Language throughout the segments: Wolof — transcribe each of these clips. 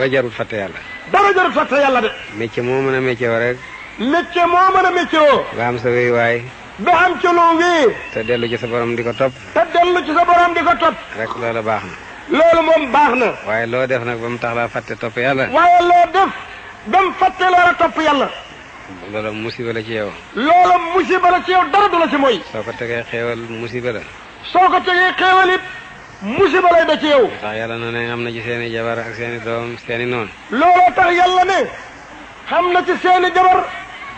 dara jarul fàtte yàlla. dara jarul fàtte yàlla de. métier moo mën a métier woo rek. métier moo mën a métier woo. ba am sa wéy waay. ba am ca loo wéy. te dellu ci sa borom di ko topp. te dellu ci sa borom di ko topp. rek loola baax na. loolu moom baax na. waaye loo def nag ba mu tax laa fàtte topp yàlla. waaye loo def ba mu fàtte loola topp yàlla. loola musiba la ci yow. loola musiba la ci yow dara du la ci mooy. soo ko tegee xéewal musiba la. soo ko tegee xéewal it musiba lay da ci yow. moo tax yàlla na ne am na ci seen i jabar ak seen i noon. looloo xam na ci seen jabar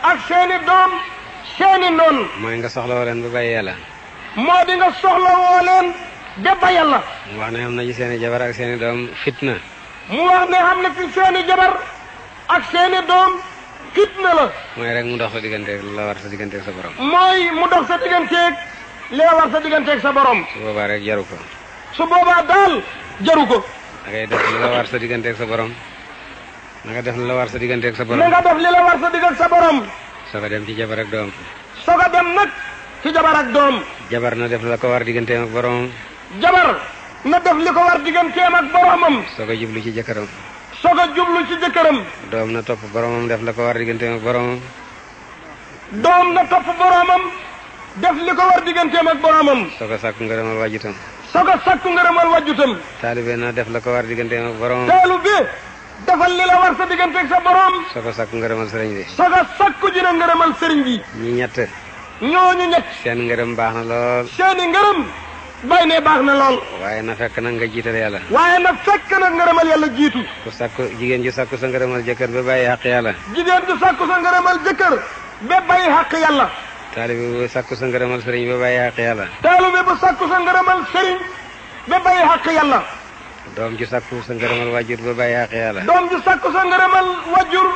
ak seen doom seen noon. mooy nga soxla leen bu bàyyi yàlla. mu wax ne am na ci seen i jabar ak seeni doom fitna. mu wax ne xam na ci seen jabar ak seen doom. fitna la. mooy rek mu dox sa digganteeg la sa digganteeg sa borom. mooy mu dox sa digganteeg la sa digganteeg sa borom. su boobaa rek jaru ko. su boobaa daal jaru ko. da def li la war sa digganteeg sa borom. na nga def li la war sa digganteeg sa borom. na nga def la dem ci jabar ak doom. soog a dem nag ci jabar ak doom. jabar na def la ko war digganteem ak boromam. jabar na ko a jublu ci jëkkëram. soog a jublu ci jëkkëram. doom na topp boromam def la ko war digganteem ak boromam. doom na topp boromam def li ko war digganteem ak boromam. soog a sàkku ngërëmal waajuram. soo ko sakku ngërëmal wàjjutam. taalibe na def la ko war diggante ak borom. taalibe defal li la war sa diggante sa borom. soo ko sakku ngërëmal sëriñ bi. soo ko sakku dina ñett. seen ngërëm baax na lool. seeni ngërëm. bay baax na lool. waaye na fekk nag nga jiital yàlla. waaye na fekk nag ngërëmal yàlla jiitu. ku sakku jigéen ju sakku sa ngërëmal jëkkër ba bàyyi xàq yàlla. jigéen ju sakku sa ngërëmal jëkkër ba bàyyi xàq yàlla. taalibe bu sàkku sa ngërëmal sëriñ ba bàyyi xàq yàlla taalibe bu sàkku sa ngërëmal sëriñ ba bàyyi xàq yàlla doom ju sàkku sa ngërëmal wajur ba bàyyi xàq yàlla doom ju sàkku sa ngërëmal wajur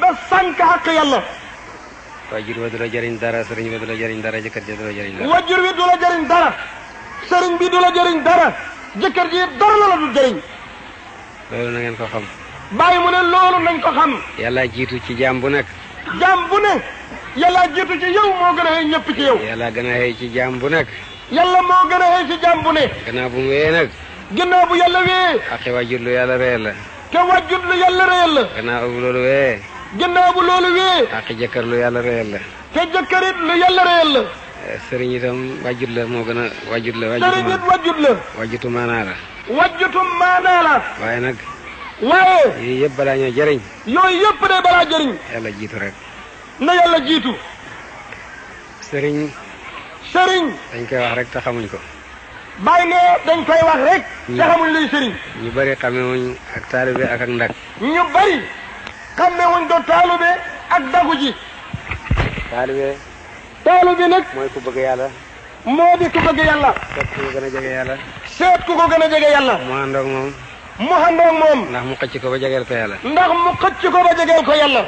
ba sànk xàq yàlla wajur wa du la dara sëriñ ba du la dara jëkkër ji dara wajur bi du la na ngeen ko xam bàyyi mu ne loolu nañ ko xam yàlla jiitu ci jaam bu nekk jaam bu ne yàlla jiitu ci yow moo gën a xëy ñëpp ci yow. yàlla gën a xëy ci jaam bu nekk. yàlla moo gën a xëy ci jaam bu ne. gannaaw bu mu wee nag. gannaaw bu yàlla wee. ak waajur lu yàlla reyal la. te waajur lu yàlla reyal la. gannaaw te jëkkërit lu yàlla reyal la. Eh, sëriñ itam waajur la moo gën a waajur la. sëriñ maanaa la. waajutu maanaa la. waaye nag. waaye. yooyu yëpp balaa ñoo yooyu yëpp de balaa jëriñ. yàlla jiitu rek. na yàlla jiitu. sëriñ. sëriñ. dañ koy wax rek te xamuñ ko. bàyyi ne dañ koy wax rek. te xamuñ luy sëriñ. ñu bari xamewuñ ak taalibe ak ak ndag. ñu bari xamewuñ ko taalibe ak dagu ji. taalibe. taalibe nag. mooy ku bëgg yàlla. moo di ku bëgg yàlla. seet ku ko gën a jege yàlla. seet ku moom. mu àndoo moom. ndax mu xëcc ko ba jegeel ko yàlla.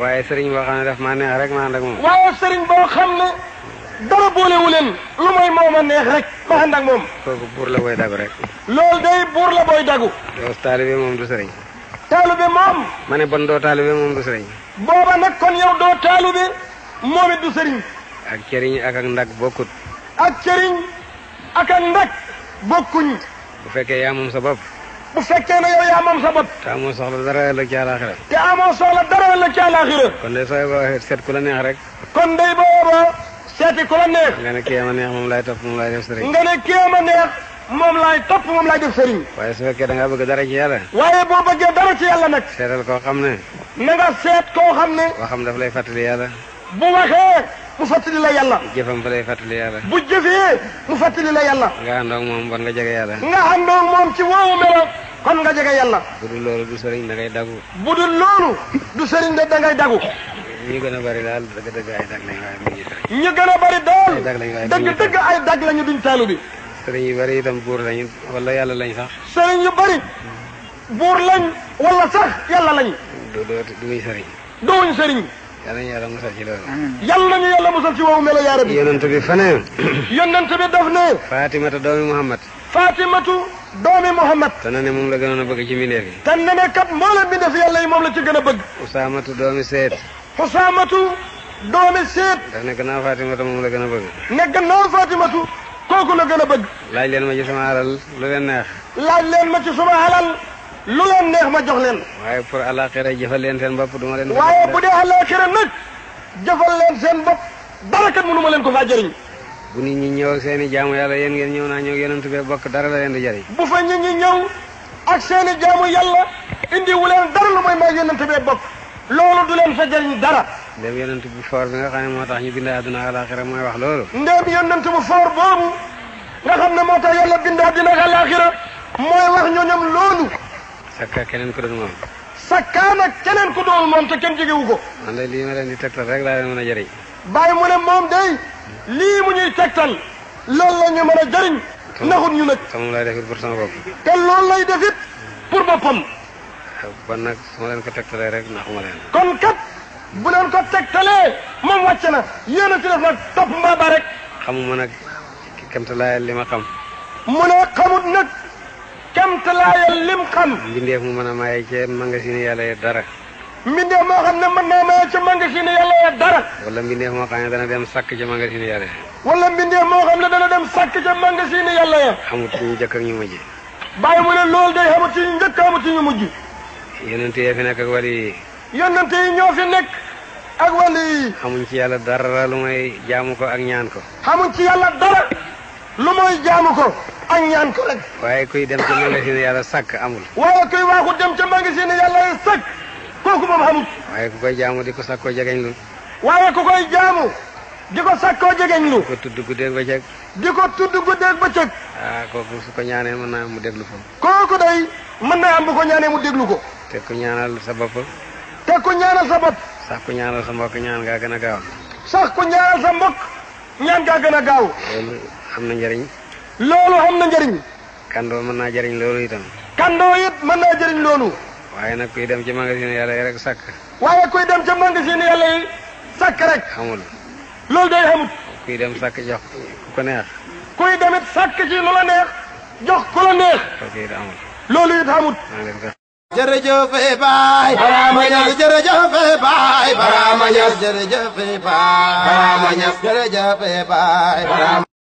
waaye sëriñ boo xam ne daf maa neex rek ma ànd ak moom. waaye neex rek ma ànd moom. kooku buur la booy dagu rek. loolu day buur la booy dagu. doo taalibe moom du sëriñ. taalibe moom. ma bon doo taalibe moom du sëriñ. booba nag kon yow doo taalibe moom du sëriñ. ak cëriñ ak ak ndag bokkut. ak cëriñ ak ak ndag bokkuñ. bu fekkee yaa moom sa bopp. bu fekkee ne yow yaa moom sa bopp. te amoo soxla dara ëllëg ci àllaaxira. te amoo soxla dara ëllëg ci àllaaxira. kon de sooy boo seet ku la neex rek. kon de booba seeti ku la neex. nga ne kii ma neex neex moom laay topp moom laay def sëriñ. waaye su fekkee da ngaa bëgg dara ci yàlla. waaye boo bëggee dara ci yàlla nag. seetal koo xam ne. na seet koo xam ne. waxam daf lay fàttali yàlla. bu waxee mu fàttali la yàlla. nga àndoog kon nga jege yàlla. budul loolu du sëriñ da ngay dagu. budul loolu du sëriñ da ngay dagu. ñu gën a bari daal dëgg-dëgg ay dag lañu waaye duñu sëriñ. a bari daal dëgg-dëgg ay dag lañu duñ taalu bi. sëriñ bari tam buur lañu wala yàlla lañ sax. sëriñ yu bari buur lañ wala sax yàlla lañ. du du duñ sëriñ. duñ sëriñ. yal nañu yàlla musal ci loolu. yal nañu musal ci woowu melo yaara bi. yonent bi fa ne. yonent bi daf ne. Fatimatu doomi Muhammad. Fatimatu doomi Muhammad te na ne moom la gënoon a bëgg ci mbindeef yi te na ne kat mboolem mbindeef yàlla yi moom la ci gën a bëgg Usaamatu doomi seet Usaamatu doomi seet daf ne gannaaw Faatimatu moom la gën a bëgg ne gannaaw Faatimatu kooku la gën a bëgg laaj leen ma ci sama alal lu leen neex laaj leen ma ci sama ma jox leen waaye pour alaxira jëfal leen seen bopp du ma leen waaye bu dee alaxira nag jëfal leen seen bopp dara ma leen ko faa bu nit ñi ñëw ak seen i jaamu yàlla yéen ngeen ñëw naa ñëw yonent bi bokk dara la leen di jëriñ bu fa nit ñi ñëw ak seen jaamu yàlla indi wu leen dara lu mooy maa yonent bi bokk loolu du leen fa jëriñ dara ndéem yonent bu foor bi nga xam ne moo tax ñu bind àdduna alaxira mooy wax loolu ndéem yonent bu foor boobu nga xam ne moo tax yàlla bind àdduna alaxira mooy wax ñooñam loolu sakka keneen ku doon moom sakka nag keneen ku doon moom te kenn jógewu ko man de lii ma leen di tegtal rek laa leen mën a jëriñ bàyyi mu ne moom day lii mu ñuy tegtal loolu ñu mën a naxut ñu nag te moom lay defit pour bopp te lay defit pour boppam ban nag su leen ko tegtalee rek naxuma leen kon kat bu leen ko tegtalee moom wàcce na yéen a ci def nag topp mbaaba rek xamuma nag kemtalaayal li ma xam mu ne xamut nag kemtalaayal lim xam mbindeef mu mën a maye ci dara mbindeef moo xam ne mën naa maye ca magasin yàlla ya dara. wala mbindeef moo xam ne dana dem sàkk ca magasin yàlla ya. wala mbindeef moo xam ne dana dem sàkk ca magasin yàlla ya. xamut ñu njëkk ak ñu mujj. bàyyi mu ne loolu day xamut ñu njëkk xamut ñu mujj. yonente yi nekk ak wàll yi. yi ñoo fi nekk ak wàll yi. ci yàlla dara lu may jaamu ko ak ñaan ko. xamuñ waaye kuy dem ca magasin yàlla sàkk amul. waaye kuy waaxu dem ca magasin yàlla sàkk kooku moom xamut. waaye ku koy jaamu di ko sakkoo jegeñ lu. waaye ku koy jaamu. di ko sakkoo jegeñ lu. ko tudd guddeeg bëccëg. di ko tudd guddeeg bëccëg. ah kooku su ko ñaanee mën naa mu déglu ko. kooku day man naa am ko ñaanee mu déglu ko. te ñaanal sa bopp. te ku ñaanal sa bopp. sax ku ñaanal sa mbokk ñaan ngaa gën a gaaw. sax ku ñaanal sa mbokk ñaan ngaa gën a gaaw. loolu am na njëriñ. loolu am na njëriñ. kandoo mën naa jëriñ loolu itam. kandoo it mën naa jëriñ loolu. waaye nag kuy dem ci magasin yàlla yi waaye kuy dem ca magasin yàlla yi sàkk rek xamul loolu day xamul jox ku ko neex kuy demit sàkk ci jox ku la neex loolu it